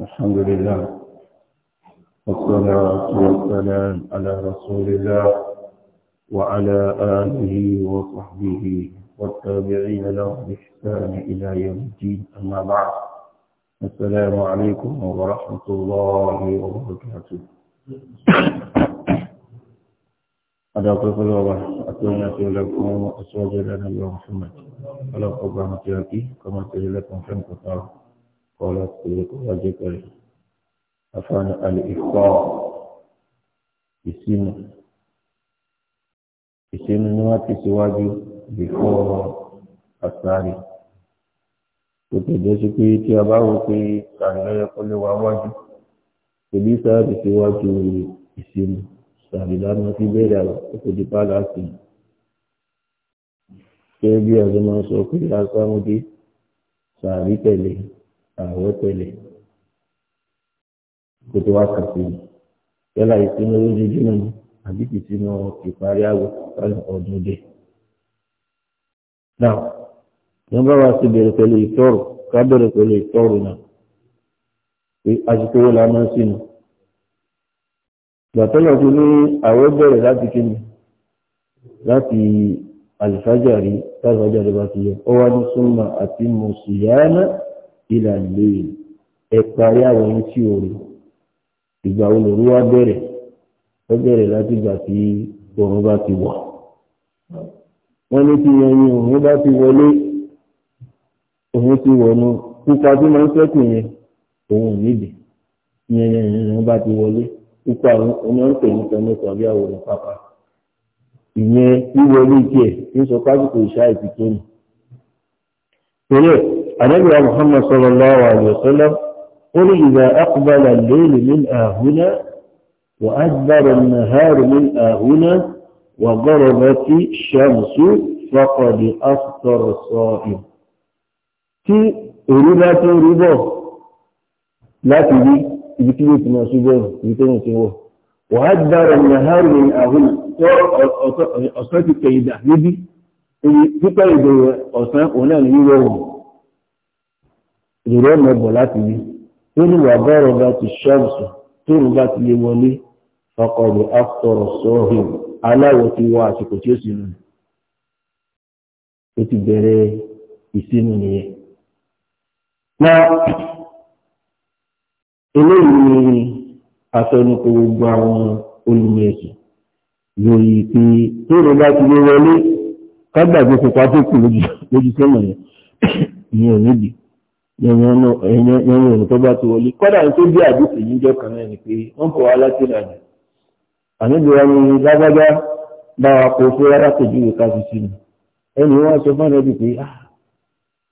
الحمد لله والصلاة والسلام على رسول الله وعلى آله وصحبه والتابعين له بإحسان إلى يوم الدين أما بعد السلام عليكم ورحمة الله وبركاته ada apa-apa Allah atau yang saya lakukan asal jalan Allah Muhammad kalau kau berhati-hati kau masih lakukan kau kọ́lá pé kó wá jẹ́ pẹ̀lú afáàní alẹ́ ìfọ́ ìsinmi ìsinmi ni wọ́n ti síwájú ìfọ́ àsáré kò tẹ̀jẹ́ sí pé tí a bá wò pé sàrìlẹ́yẹ kọ́ lé wa wájú tòbí sáàbì síwájú ìsinmi sàrì lánàá sí bẹ́ẹ̀rẹ̀ àwọn di pálá sí bí ọ̀dọ́ máa sọ pé asámúdé sàrì tẹ̀lé àwọ̀ tẹ̀lé kó tó wá kàtó yìí yálà ìsinmi lójoojúmọ́ ni àbí kì í sínú ìparí àwọ̀ ọdún dé. náà wọ́n bá wá sí bẹ̀rẹ̀ pẹ̀lú ìtọ́rù ká bẹ̀rẹ̀ pẹ̀lú ìtọ́rù náà pé àsìkò la máa ń sínú. gbàtọ́lọ̀ tó ní àwọ̀ bẹ̀rẹ̀ láti kíni láti àlìfájàrí táwọn àjàrí bá ti yẹ ọ wá ní súnmọ́ àti mùsùlùmí ìlà lèyìn ẹ parí àwọn yín sí òru ìgbà wo lòru wá bẹ̀rẹ̀ ó bẹ̀rẹ̀ láti ìgbà tí òun bá ti wọ̀ wọ́n ní kí yẹn yín òun bá ti wọlé òun ti wọnú púpà tí máa ń sẹ́kù yẹn òun nídìí yẹn yẹn yẹn òun bá ti wọlé púpà òun máa ń pè ní tọ́lú tàbí àwòrán pápá ìyẹn wíwọlé tiẹ̀ ń sọ pásítọ̀ ìṣáà ìtìkẹ́ni. النبي محمد صلى الله عليه وسلم قل إذا أقبل الليل من هنا وأدبر النهار من هنا وضربت الشمس فقد أفطر الصائم في أريد أن تريده لا تجي يبتدي تناسبه يبتدي وأدبر النهار من هنا أصلت كيدا يبي في كيدا أصلا ونال يبي ìró mọ̀bọ̀ láti rí ó ní wà bọ́ọ̀rọ̀ bá ti ṣọ́ọ̀bù tó ń bá ti lè wọlé ọkọ̀rọ̀ afọ̀rọ̀ sọ́ọ̀hìn aláwọ̀ ti wọ àsìkò tí ó sì rìn ó ti bẹ̀rẹ̀ ìsinmi nìyẹn. na eléyìí ni àsọnùkọ gbogbo àwọn olùmẹ̀sìn lórí pé tó bá ti lè wọlé kágbàgbé pupa tó kù lójú sẹ́mọ̀ yẹn ìyẹn ò nídìí yẹnyẹn ní tó bá ti wọlé kọ́dà tó bí àdúgbò yìí jọ kan náà pé wọ́n fọwọ́ alátìlá jù àníbìrọ̀ ni lágbájá bá wa kó fún rárá tó ìka sí sí ni ẹni wọ́n sọ fún ẹni pé ah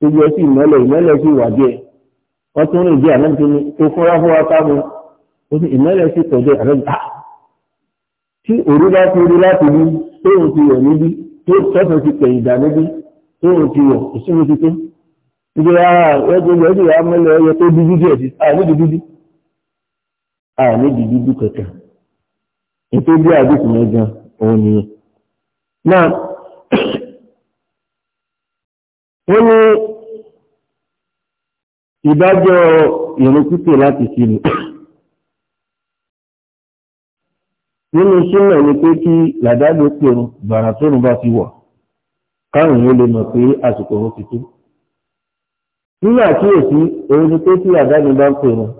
tó yẹ sí ìmọ́lẹ̀ ìmọ́lẹ̀ wà díẹ̀ wọ́n tún rìn díẹ̀ ànábi tó fúnra fún wa káàmù ó sì ìmọ́lẹ̀ sí tọ̀jọ́ ànábi ah, tí òru bá ti rí láti rí tóun ti yọ̀ níbí tó sọ́sọ̀ ti pẹ̀yìn dà níbí tóun ti yọ̀ ìsúnmi ìgbé ara ẹgbẹ̀gbẹ̀ ẹgbẹ̀ ìyá mẹ́lẹ̀ ẹyẹ tó dúdú díẹ̀ sí àìníbi ah, dúdú àìníbi ah, dúdú kẹta ètò bí àdúgbò mẹ́jọ òun nìyẹn náà wọ́n ní ìdájọ́ ìrún pípé láti kiri nínú súnmọ̀ ni pé kí làdájọ́ pèrún bàrà tó rùn bá ti wọ̀ káwọn èèyàn lè mọ̀ pé àsìkò òun ti tó nínú àkíyèsí èyí ni pé tí àdáni bá ń pè wọn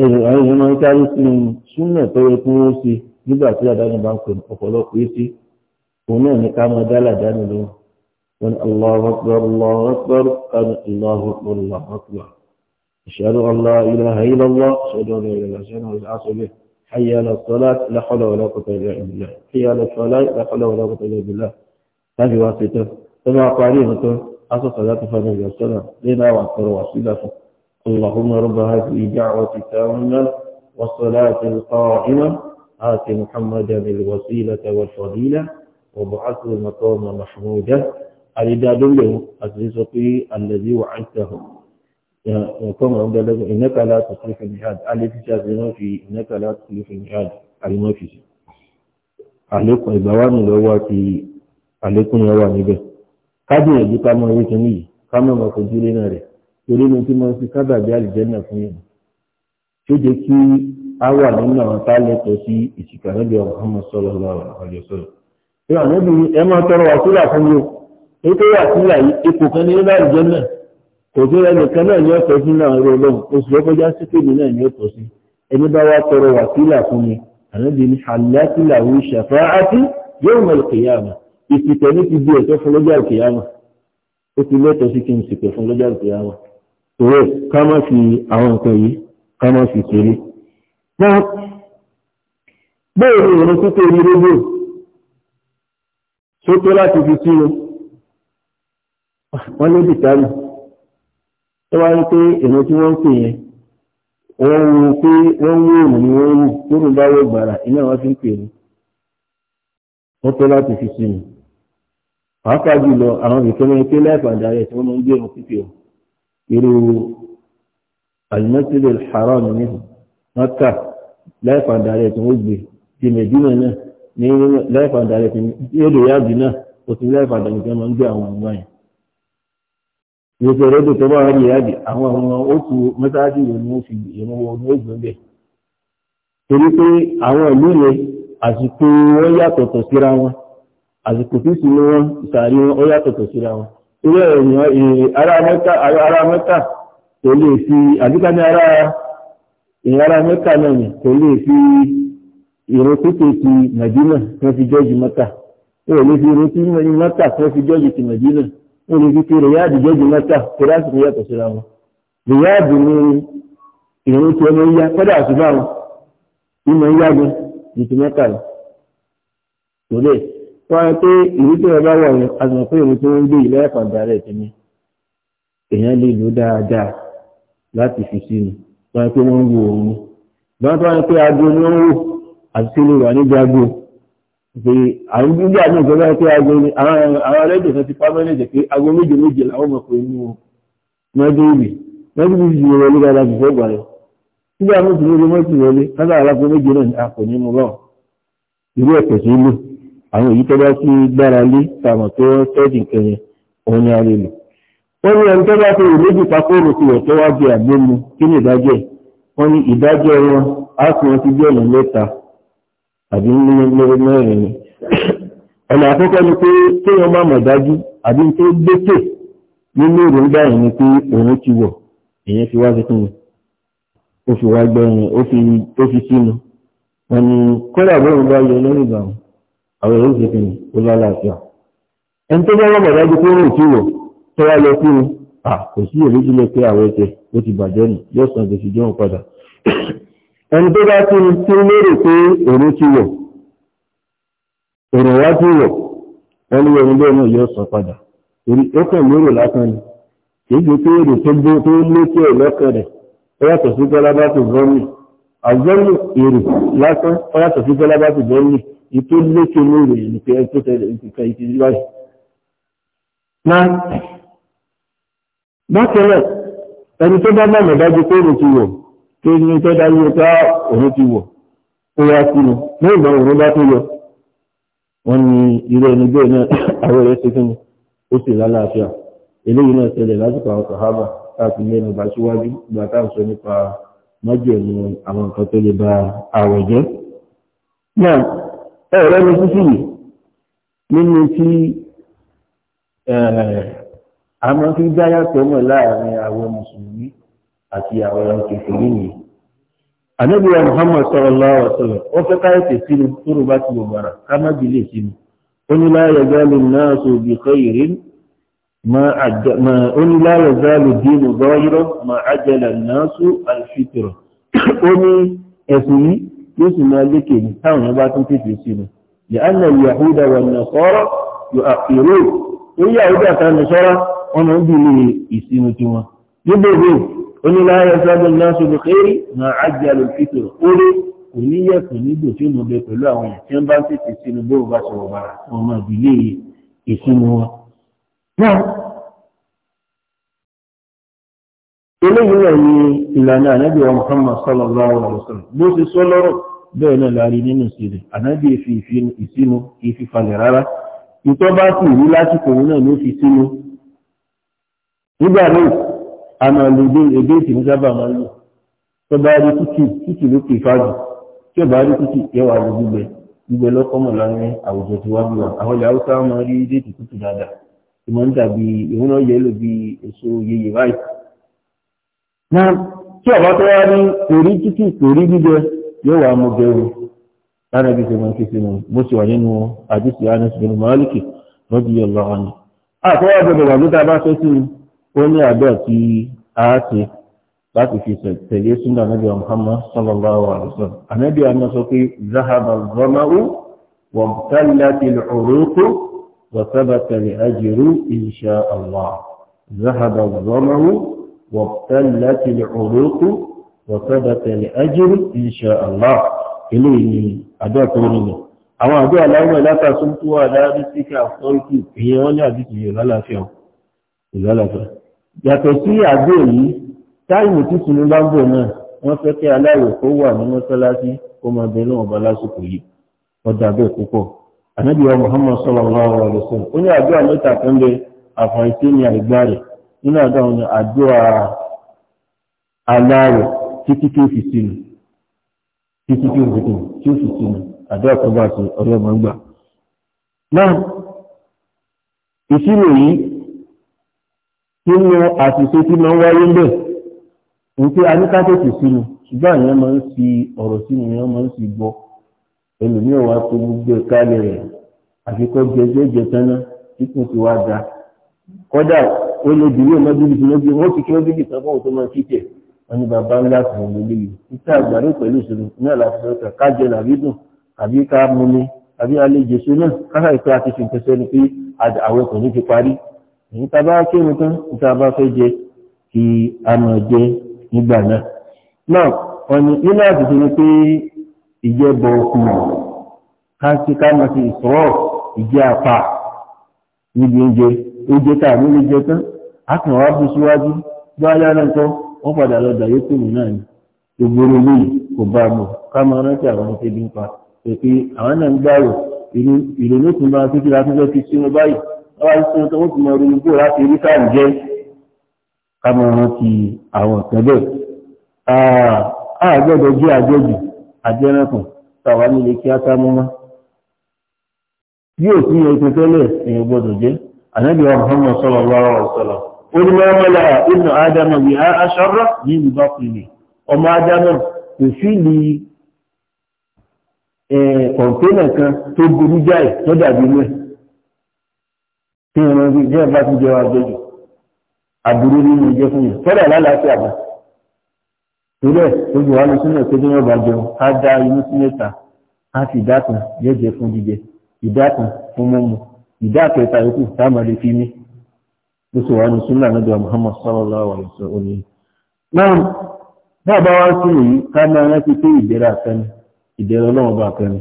ẹ̀rọ àwọn èèyàn máa ń kárí sí i súnmọ̀ tó yẹ kí wọ́n ṣe nígbà tí àdáni bá ń pè ọ̀pọ̀lọpọ̀ yìí sí òun náà ní ká máa dálà dání lóhùn wọn Allahu akbar Allahu akbar kánú Allahu akbar Allahu akbar ashhadu حصلت صلاة فنه يسنى لنا وأكثر وسيلة اللهم رب هذه دعوة التامة والصلاة القائمة آت محمدا الوسيلة والفضيلة وبعثه المقام محمودا الإداد له أسلسقي الذي وعدته وقام عند له إنك لا تصرف الجهاد التي تزن في إنك لا تصرف الجهاد المنافس عليكم إبوان لواتي عليكم يواني به kábíyànjú ká mọ ewé kìíní yìí ká mọ ọmọ fojú lé náà rẹ torí ní tí mo fi sábàbí àlùjẹ́nà fún yẹn tó jẹ́ kí a wà nínú àwọn tá a lẹ́tọ̀ọ́ sí ìsìnkà níbi ọ̀hún mọ̀ sọ́lọ́ lọ́wọ́ ọ̀lẹ́ sọ́lọ́ ṣé àwọn obìnrin ẹ máa tọrọ wàsílà fún mi o ètò wàsílà yìí ipò kan ní nílẹ̀ àlùjẹ́nà kò sí ẹnìkan náà ní ọ̀tọ̀ sí náà rẹ lọ́hùn oṣù lọ́kọjá sí náà ní ọ̀tọ̀ sí ẹni bá wá tọrọ wàsílà fún mi àná ìsìnkẹ́ ní ti di ẹ̀tọ́ fún lọ́jọ́ àkèyàmọ̀ ó ti lẹ́tọ̀ọ́ sí kí n sìnkẹ́ fún lọ́jọ́ àkèyàmọ̀ tòwẹ́ ká má fi àwọn nǹkan yìí ká má fi kéré. wọ́n bẹ́ẹ̀ ni ìrìn títẹ̀ ní rédíò tó tó láti fi kí o wọ́n ní bìtánì tó wá ní pé ìrìn tí wọ́n ń pè yẹn wọ́n wú pé wọ́n wú òun ni wọ́n wù kúrò báwọ̀ gbàrà iná wọn fi ń pè ní wọ́n tó láti fi kí o. pàápàá jùlọ àwọn ìkẹ́lẹ́ pé láìpàdé ààrẹ tí wọ́n máa ń gbé ohun pípé irú alimẹ́tìlẹ̀ haram ní tí wọ́n gbé ti mẹ̀dínà náà ní láìpàdé ààrẹ tí yóò yáàbí náà o ti láìpàdé ààrẹ tí wọ́n gbé àwọn àwọn àyàn. ìrètò tó bá wà yáàbí àwọn àwọn òkú mẹ́tàájú yìí ni wọ́n fi àsìkò tí sì ní wọn ìsàrí wọn ó yàtọ̀tọ̀ síra wọn irú èèyàn ará mẹ́ta ará mẹ́ta kò lè fi àbíká ní ará èèyàn mẹ́ta náà ni kò lè fi ìrún pípé ti nàìjíríà tó fi jọ́ọ̀jì mẹ́ta ó lè fi ìrún pípé ti mẹ́ta tó fi jọ́ọ̀jì ti nàìjíríà ó lè fi ti rìyáàdì jọ́ọ̀jì mẹ́ta tó lásìkò yàtọ̀ síra wọn rìyáàdì ni ìrún tí ọmọ yá kọ́dà àṣùbà wọn ìmọ̀ yá gan ní ti mẹ́ta lọ wọ́n pé ìlú tí wọ́n bá wà ní azùn pé tí wọ́n gbé ìlú ẹ̀kọ́ dára ẹ̀tì ni èèyàn lè lò dáadáa láti fi sínú wọ́n pé wọ́n ń wo òun ni wọ́n tó wọ́n pé aago ni wọ́n wò àti tí lè wà ní jago pé àwọn gbígbé àti nǹkan bá pé aago ni àwọn rédíò kan ti pámẹ́lì jẹ́ pé aago méje méje làwọn mọ̀ pé inú mọ́jú ìwé mọ́jú ìwé ti wọlé dáadáa fífọ́ gbà lọ nígbà mọ́jú ìwé mọ́jú ìwọlé àwọn èyí tó bá sí gbára lé tàbí tó tẹ́jì kẹyẹ òun ni a lè lò wọ́n ní ẹni tó bá fi ìléjì pakóòrò ti rẹ̀ tó wá di àgbému kí ni ìdájọ́ wọ́n ní ìdájọ́ wọn á sì wọn ti bí ọ̀nà mẹ́ta àbí mílíọ̀nù mẹ́rin ni ọ̀nà àkọ́kọ́ ni pé kéèyàn má mọ̀ dájú àbí tó gbẹ́tẹ̀ nínú èròǹgbà yẹn ni pé òun ti wọ̀ èyàn fi wá sí kí ni ó fi wá gbẹ́yìn ó fi sínú wọ́n ní kọ́lá bóun bá yọ lọ́rùn ìgbà wọn àwọn èèyàn ìṣèkì ni ó lálẹ́ àfíà ẹni tó bá wọ́n bàbá ju pé ó rò sí wò tó wá lọ sí ni kò sí èlé jùlọ pé àwọn ẹsẹ̀ ó ti bàjẹ́ nì yóò san gbèsè jẹun padà ẹni tó bá sí ni tí ó lérò pé òun ti wọ̀ òrùn wá ti wọ̀ ẹni ẹni bẹ́ẹ̀ náà yóò san padà ó kàn lérò lásán ni kì í ṣe pé èrò tó gbó tó lékè ẹ̀ lọ́kàn rẹ̀ ó yàtọ̀ sí gálábà tó gbọ́ mi àgbọ́n ìtò lékè lóòrè ní pé ẹni tó tẹ̀lé nǹkan ìtì rí báyìí. na bákan náà ẹni tó bá mọ̀nà dájú pé òun ti wọ̀ tó ní tó dájú pé ah, òun ti wọ̀ ó wá sí mi lẹ́yìn ìgbà òun bá tó yọ wọ́n ní irú ẹni bẹ́ẹ̀ náà àwọn ẹ̀rẹ́ ṣe fún mi ó sì lálàáfíà eléyìí náà ṣẹlẹ̀ lásìkò àwọn sàhábà káàkiri lẹ́nu bá síwájú ìgbà táà ń sọ nípa májèlé àwọn nǹkan tó lè ba àwọ̀ jẹ́. náà ẹ̀rọ ẹni sísì nínú tí a máa fi dáyà tọ́mọ̀ láàrin àwọn mùsùlùmí àti àwọn kèfèrí ni anábíyà Muhammad sallallahu alaihi wasallam ó fẹ́ káyọ̀tẹ̀ sínú tóró bá ti bọ̀bàrà ká má bìlè sínú ó ní la yazalu nnasu bi khairin ó ní la yazalu dinu zahiran ma ajala nnasu al-fitra ó ní ẹ̀sùn yìí yóò sì máa lékè ní táwọn yẹn bá tún tètè sí ni lè ánà yahuda wà nàṣọ́rọ́ yóò èrò tó yahuda ta nàṣọ́rọ́ wọn máa ń bí ilé ìsinmi tiwọn níbo mi ó ní láyé sábẹ́ náà ṣubú kéré na ájálù fìtò orí kò ní yẹ kò ní dò tí mo bẹ pẹ̀lú àwọn yẹn tí wọ́n bá tètè sí ni bó o bá sọ̀rọ̀ bàrà tí máa bí ilé ìsinmi wọn. eléyìí rẹ̀ ni ìlànà ànábì wa Muhammad sallallahu alaihi wa sallam bó ti sọ lọ́rọ̀ bẹ́ẹ̀ náà la rí nínú ìṣẹ̀lẹ̀ ànábì fi ìsinu ìfi falẹ̀ rárá ìtọ́ bá sì rí lásìkò òun náà ló fi sínú nígbà náà àmà lòdì èdè ìtì ní sábà máa ń lò tó bá rí títì títì ló pè fáàgì tí ò bá rí títì yẹwà ló gbígbẹ gbígbẹ lọ́kọ́mọ̀ láàrin àwùjọ tí wàá bí wa àwọn ilẹ̀ haúsá máa rí déètì tútù dáadáa ìmọ̀ ń dàbí ìwúná yẹlò bí èso yeye báyìí na tí ọ̀bá tó wá ní èrí títí èrí gbígbẹ yóò wá mú bẹ̀rù lára ibi tó máa ń kéṣe náà bó ṣe wà nínú àdìsí Anas bin Malik radiyallahu anhu àtọwọ́ gbọdọ̀ wà lóta bá fẹ́ sí ó ní àdó àti àáṣe láti fi tẹ̀lé súnà nàbí Muhammad sallallahu alaihi wasallam ànábì àná sọ pé zahaba zọmáwó wọ́n tẹ́lẹ̀ ti lọ́rọ́kọ́ wọ́n sábà tẹ̀lé ajru insha Allah zahaba zọmáwó وابتلت العروق وثبت الأجر إن شاء الله إليه أدعى كورنا أما أدعى اللهم لا تصمت ولا بسك أفضلك هي ولا بسك إذا لا فيه إذا لا فيه yàtọ̀ sí àgbò yìí táìmù títún ló bá náà wọ́n fẹ́ kí aláwọ̀ kó wà ní mọ́sálásí kó máa bẹ lọ́wọ́ lásìkò yìí ọjà bẹ́ẹ̀ púpọ̀ nínú àdáwọn ni àdúrà aláàrẹ̀ títí tí ó fi sínú títí tí ó fi sínú tí ó fi sínú àdúrà tó bá ṣe ọ̀rẹ́ ọmọ gbà. náà ìṣirò yìí àṣìṣe tí máa ń wáyé bẹ́ẹ̀ ní pé sínú ṣùgbọ́n àyàn máa ń fi ọ̀rọ̀ sínú yẹn máa ń fi gbọ́ wá tó gbogbo ẹ̀ka lẹ̀ àfikọ́ jẹjẹjẹ tán náà ó lè dìrí ọmọ bíbí tí lójú wọn ti kí wọn bíbí kan fún òtún máa kíkẹ wọn ní bàbá ńlá kan ló lè yìí títí àgbàdo pẹ̀lú ìṣòro náà láti sọ pé ká jẹ nàbí dùn àbí ká múni àbí àlejò ṣe náà káṣà ìpè àti fìǹkẹsẹ ni pé àwọn kò ní ti parí èyí tá a bá kírun tán níta bá fẹ́ jẹ kí a máa jẹ nígbà náà náà wọn ni nínú àtúntò ni pé ìjẹbọ ọkùnrin ká sí ká máa ti ìsọ̀rọ̀ ìjẹ apá níbi oúnjẹ oúnjẹ tá àmì lè jẹ tán a kàn wá bú síwájú bá yá lọ́tọ́ wọ́n padà lọ dàyé kùnú náà ni ìgboro ilé kò bá mọ̀ ká máa rántí àwọn ọmọ tẹ́bí ń pa pẹ̀pẹ́ àwọn náà ń gbàrò ìrònú tún máa fi kíra tó fẹ́ fi sínú báyìí wọ́n wá sínú tó wọ́n ti máa ronú bó láti rí sáà jẹ́ ká máa rántí àwọn ọ̀kẹ́ bẹ́ẹ̀. a gbọ́dọ̀ jẹ́ àjọjù àjẹránkàn táwa nílé kí á sá mọ́ mọ́ bí òfin ẹ̀ tẹ́tẹ́lẹ̀ èèyàn gbọ́dọ̀ ànábì wa muhammad sallallahu alaihi wasallam ó ní wọ́n mọ́lá inú ádámà wí aṣọ́rọ̀ ní ìbá pìlì ọmọ ádámà kò sí ní kọ̀ǹtẹ́nà kan tó burú jáì tó dàbí mẹ́ tí wọ́n rí jẹ́ bá ti jẹ́ wa gbẹ́jù àbúrú nínú ìjẹ́ fún yìí fọ́dà lálàáfíà bá torí ẹ̀ gbogbo wa ló sínú ẹ̀kọ́ tó yẹn bá jẹun ká dá inú sí mẹ́ta á sì dákan jẹ́jẹ́ fún jíjẹ ìdákan fún mímu ìdá kẹta yòókù táàmà lè fi mí wà ní súnà nígbà Muhammad sallallahu alaihi wa sallam náà bá bá wá sí èyí ká máa rántí pé ìdẹ̀ra àtẹni ìdẹ̀ra ọlọ́run bá àtẹni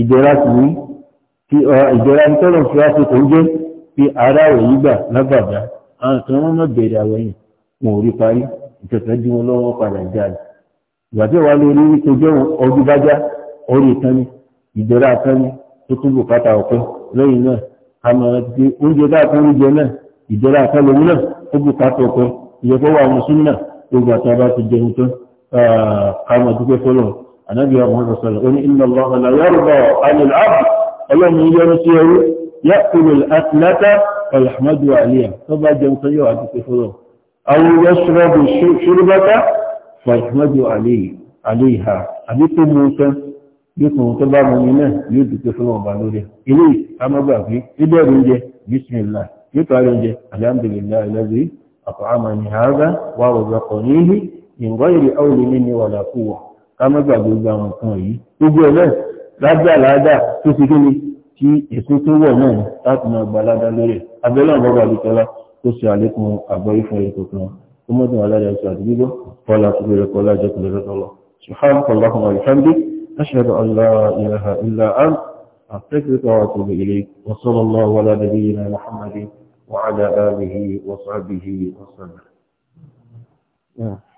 ìdẹ̀ra sì ní kí ìdẹ̀ra tọ́lọ̀ fi wá sí kò ń jẹ́ pé rẹ̀ yí gbà lágbàdá bẹ̀rẹ̀ parí ìtẹ̀tẹ̀ dí wọn lọ́wọ́ padà jáde ọdún náà àmọ́ ti oúnjẹ dáàtọ́ oúnjẹ náà ìjọba àtàlówó náà ó bù ká tọ̀ kan ìyẹ́fọ́ wà mùsùlùmí náà gbogbo àti abá ti jẹun tán káàmọ̀ dúpẹ́ fọlọ́ ànábì àwọn ọmọ sọ̀rọ̀ ó ní iná lọ́wọ́ la yọ̀rọ̀ alẹ́ àbù ọlọ́run yọrọ sí ẹrú yàkùnú àtìlátà ọ̀làmọ́dù àlíyà tó bá jẹun tán yóò àdúpẹ́ fọlọ́ àwọn yọ̀ṣọ́rọ̀bù ṣúrúbátà ọ̀làmọ́dù yóò tún tó bá mọ ní náà yóò dùn pé fún ọba lórí ilé amọ́gbà pé ilé ẹ̀rọ oúnjẹ bisimilá yóò tó ara oúnjẹ alhamdulillah alladhi at'amani hadha wa razaqanihi min ghayri hawla minni wala quwwa kámọ́gbà gbogbo àwọn nǹkan yìí gbogbo ẹ̀ náà lájà láàdà tó ti kí ni tí èso tó wọ̀ náà láti أشهد أن لا إله إلا أنت أستغفرك وأتوب إليك وصلى الله على نبينا محمد وعلى آله وصحبه وسلم. Yeah.